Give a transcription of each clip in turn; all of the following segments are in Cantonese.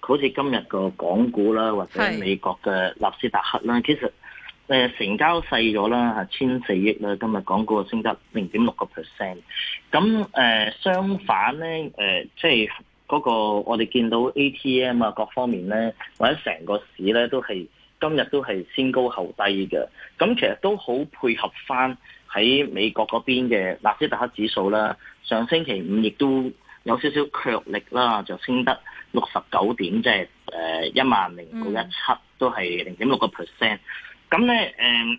好似今日個港股啦，或者美國嘅納斯達克啦，其實誒成交細咗啦，千四億啦。今日港股升得零點六個 percent。咁誒相反咧，誒即係嗰個我哋見到 ATM 啊各方面咧，或者成個市咧都係今日都係先高後低嘅。咁其實都好配合翻喺美國嗰邊嘅納斯達克指數啦。上星期五亦都，有少少強力啦，就升得六十九點 1, 3,、嗯，即係誒一萬零到一七，都係零點六個 percent。咁咧誒，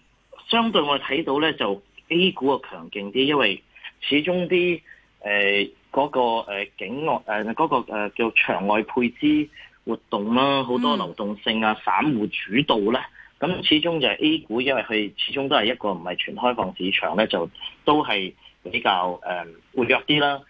相對我哋睇到咧，就 A 股嘅強勁啲，因為始終啲誒嗰個境外誒嗰個叫場外配資活動啦，好多流動性啊，散戶主導咧，咁始終就係 A 股，因為佢始終都係一個唔係全開放市場咧，就都係比較誒活躍啲啦。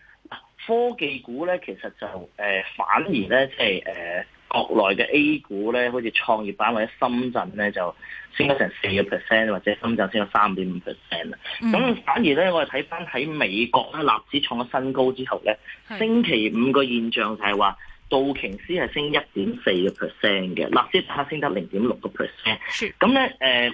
科技股咧，其實就誒、呃、反而咧、就是，即係誒國內嘅 A 股咧，好似創業板或者深圳咧，就升咗成四個 percent，或者深圳升咗三點五 percent 啦。咁、嗯、反而咧，我哋睇翻喺美國咧，納指創咗新高之後咧，是星期五個現象就係話道瓊斯係升一點四個 percent 嘅，納指係升得零點六個 percent。咁咧誒，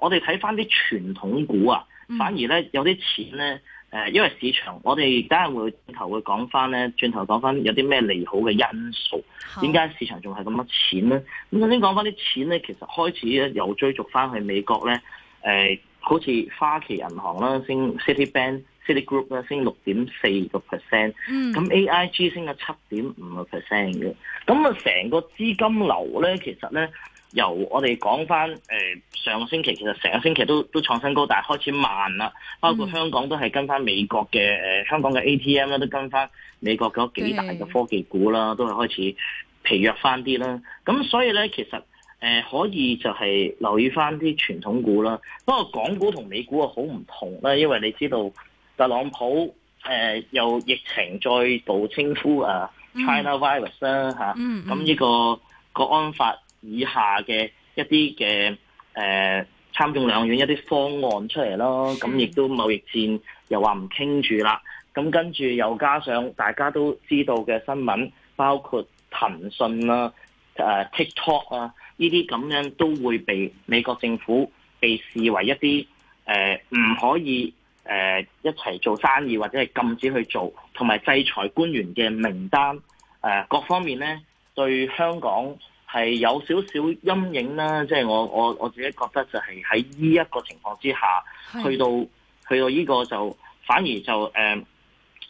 我哋睇翻啲傳統股啊，嗯、反而咧有啲錢咧。誒，因為市場，我哋梗係會轉頭會講翻咧，轉頭講翻有啲咩利好嘅因素，點解市場仲係咁多錢咧？咁首先講翻啲錢咧，其實開始咧有追逐翻去美國咧，誒、呃，好似花旗銀行啦，升 City Bank、City Group 啦，升六點四個 percent，咁 AIG 升咗七點五個 percent 嘅，咁啊，成個資金流咧，其實咧。由我哋講翻誒上個星期，其實成個星期都都創新高，但係開始慢啦。包括香港都係跟翻美國嘅、呃、香港嘅 ATM 咧都跟翻美國嗰幾大嘅科技股啦，的都係開始疲弱翻啲啦。咁所以咧，其實、呃、可以就係留意翻啲傳統股啦。不過港股同美股啊好唔同啦，因為你知道特朗普誒、呃、又疫情再度稱呼啊 China Virus 啦吓，咁呢個國安法。以下嘅一啲嘅誒參眾兩院一啲方案出嚟咯，咁亦都貿易戰又話唔傾住啦。咁跟住又加上大家都知道嘅新聞，包括騰訊啦、誒、呃、TikTok 啊，呢啲咁樣都會被美國政府被視為一啲誒唔可以誒、呃、一齊做生意或者係禁止去做，同埋制裁官員嘅名單誒、呃、各方面咧，對香港，係有少少陰影啦，即、就、係、是、我我我自己覺得就係喺呢一個情況之下，是的 去到去到呢個就反而就誒、呃、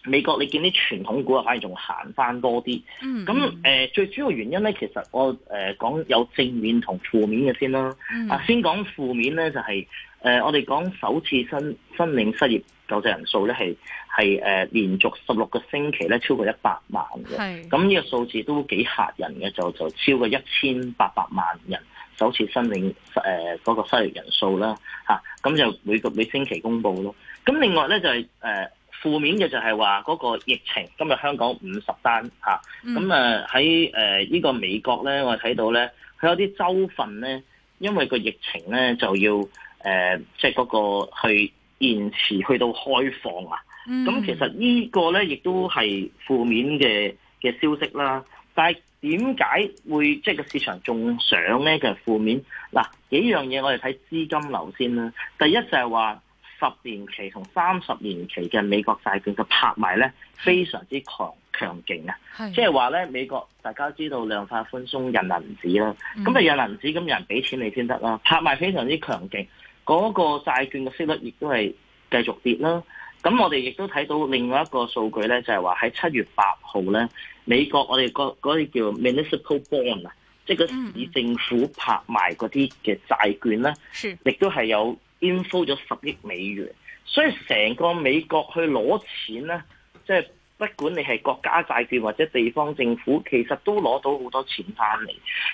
美國，你見啲傳統股啊，反而仲行返多啲。咁誒、嗯呃、最主要原因咧，其實我誒、呃、講有正面同負面嘅先啦。啊，嗯、先講負面咧就係、是。誒、呃，我哋講首次申申領失業救濟人數咧，係係誒連續十六個星期咧超過一百萬嘅。係咁呢個數字都幾嚇人嘅，就就超過一千八百萬人首次申領誒嗰、呃嗰個失業人數啦。咁、啊、就每個每星期公布咯。咁另外咧就係誒、呃、負面嘅就係話嗰個疫情今日香港五十單嚇咁啊喺誒呢個美國咧，我睇到咧，佢有啲州份咧，因為個疫情咧就要。誒，即係嗰個去延遲去到開放啊！咁、嗯、其實這個呢個咧，亦都係負面嘅嘅消息啦。但係點解會即係個市場仲上咧？其實負面嗱，幾樣嘢我哋睇資金流先啦。第一就係話十年期同三十年期嘅美國債券嘅拍賣咧，非常之強強勁啊！即係話咧，美國大家知道量化寬鬆印銀紙啦、啊，咁啊印銀紙咁有人俾錢你先得啦，拍賣非常之強勁。嗰個債券嘅息率亦都係繼續跌啦。咁我哋亦都睇到另外一個數據咧，就係話喺七月八號咧，美國我哋嗰啲叫 municipal bond 啊，即係嗰個市政府拍賣嗰啲嘅債券咧，亦都係有 inflow 咗十億美元。所以成個美國去攞錢咧，即係。不管你係國家債券或者地方政府，其實都攞到好多錢翻嚟。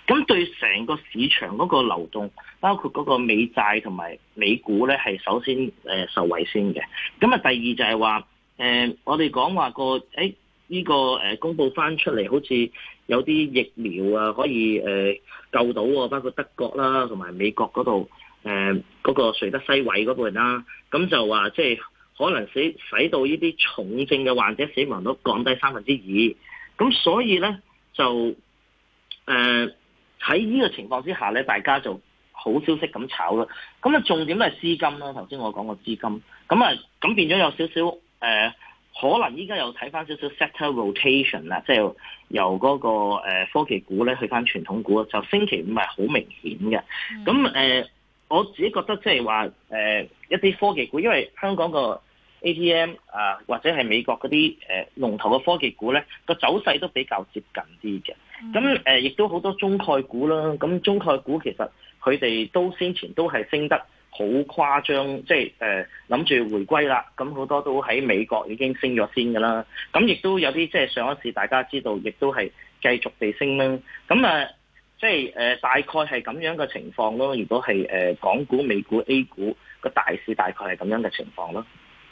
咁對成個市場嗰個流動，包括嗰個美債同埋美股咧，係首先誒、呃、受惠先嘅。咁啊，第二就係話誒，我哋講話個誒呢個誒公佈翻出嚟，好似有啲疫苗啊，可以誒、呃、救到啊，包括德國啦同埋美國嗰度誒嗰個瑞德西韋嗰個人啦。咁就話即係。可能使使到呢啲重症嘅患者死亡率降低三分之二，咁所以咧就誒喺呢個情況之下咧，大家就好消息咁炒啦。咁啊，重點都係資金啦。頭先我講個資金，咁啊，咁變咗有少少誒，可能依家又睇翻少少 sector rotation 啦，即係由嗰個誒科技股咧去翻傳統股，就星期五係好明顯嘅。咁誒、嗯。我自己覺得即係話誒一啲科技股，因為香港個 ATM 啊，或者係美國嗰啲誒龍頭嘅科技股咧，個走勢都比較接近啲嘅、mm。咁誒，亦都好多中概股啦。咁中概股其實佢哋都先前都係升得好誇張，即係誒諗住回歸啦。咁好多都喺美國已經升咗先㗎啦。咁亦都有啲即係上一次大家知道，亦都係繼續地升啦。咁啊～即係誒，大概係咁樣嘅情況咯。如果係誒，港股、美股、A 股個大市，大概係咁樣嘅情況咯。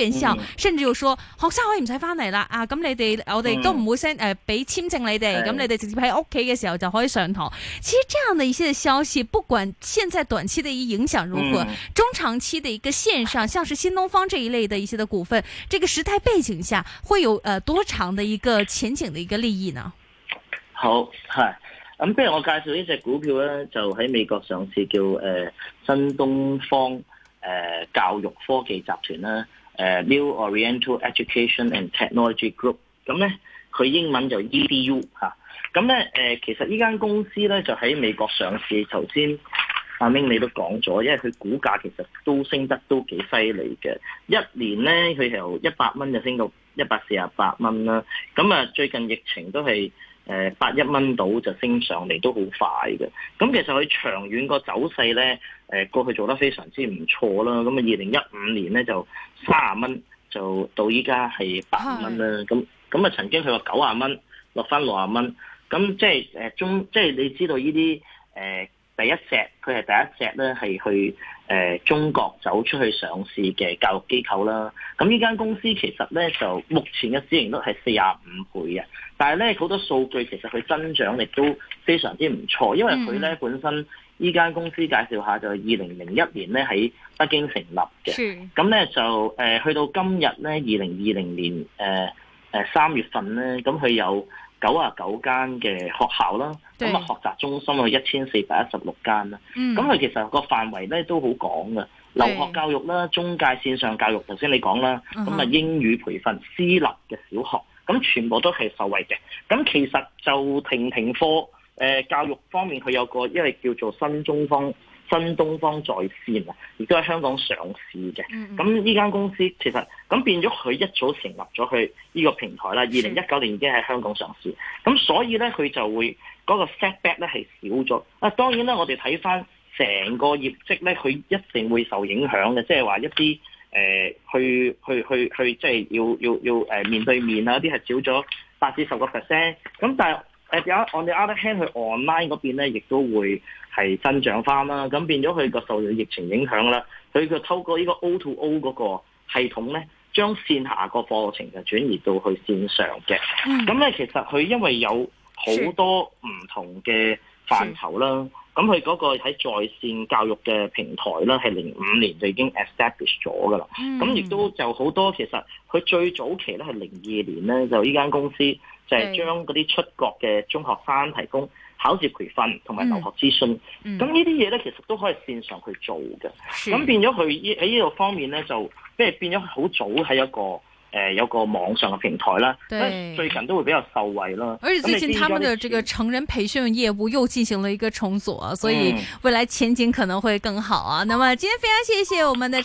然之、嗯、甚至要說學生可以唔使翻嚟啦啊！咁你哋我哋都唔會 send 誒，俾、嗯呃、簽證你哋，咁、嗯、你哋直接喺屋企嘅時候就可以上堂。其實這樣的一些消息，不管現在短期的一影響如何，嗯、中長期的一個線上，像是新東方這一類的一些的股份，這個時代背景下，會有誒多長的一個前景的一個利益呢？好係，咁不如我介紹呢隻股票呢，就喺美國上市叫，叫、呃、誒新東方誒、呃、教育科技集團啦。誒 New Oriental Education and Technology Group，咁咧佢英文就 EDU 嚇，咁咧誒其實呢間公司咧就喺美國上市，頭先阿明你都講咗，因為佢股價其實都升得都幾犀利嘅，一年咧佢由一百蚊就升到一百四十八蚊啦，咁啊最近疫情都係。誒八一蚊到就升上嚟都好快嘅，咁其實佢長遠個走勢咧、呃，過去做得非常之唔錯啦。咁啊，二零一五年咧就三啊蚊，就到依家係八五蚊啦。咁咁啊，曾經佢話九啊蚊落翻六啊蚊，咁即係誒中，即係你知道呢啲誒。呃第一隻佢係第一隻咧，係去誒、呃、中國走出去上市嘅教育機構啦。咁呢間公司其實咧就目前嘅市盈率係四十五倍嘅，但係咧好多數據其實佢增長力都非常之唔錯，因為佢咧本身呢間公司介紹一下就係二零零一年咧喺北京成立嘅，咁咧就誒、呃、去到今日咧二零二零年誒誒、呃呃、三月份咧，咁佢有。九啊九間嘅學校啦，咁啊對學習中心去一千四百一十六間啦，咁佢、嗯、其實個範圍咧都好廣噶，對留學教育啦、中介線上教育，頭先你講啦，咁啊、嗯、哼英語培訓、私立嘅小學，咁全部都係受惠嘅。咁其實就停停課，誒教育方面佢有一個，因為叫做新東方。新東方在線啊，亦都喺香港上市嘅。咁呢間公司其實咁變咗，佢一早成立咗佢呢個平台啦。二零一九年已經喺香港上市，咁、mm hmm. 所以咧佢就會嗰、那個 setback 咧係少咗啊。當然咧，我哋睇翻成個業績咧，佢一定會受影響嘅，即係話一啲誒去去去去，即係、就是、要要要誒、呃、面對面啦，啲係少咗八至十個 percent。咁但係誒有，on the other hand，佢 online 嗰邊咧，亦都會係增長翻啦。咁變咗佢個受疫情影響啦，佢就透過呢個 O to O 嗰個系統咧，將線下個課程就轉移到去線上嘅。咁咧、mm，hmm. 其實佢因為有好多唔同嘅範疇啦，咁佢嗰個喺在,在線教育嘅平台啦，係零五年就已經 establish 咗噶啦。咁亦都就好多，其實佢最早期咧係零二年咧，就依間公司。就係將嗰啲出國嘅中學生提供對考試培訓同埋留學諮詢，咁呢啲嘢咧其實都可以線上去做嘅。咁是變咗佢喺呢度方面咧，就即係變咗好早喺一個誒、呃、有個網上嘅平台啦。對最近都會比較受惠啦。而且最近他們嘅這個成人培訓業務又進行了一個重組，嗯、所以未來前景可能會更好啊！那麼今天非常謝謝我們的。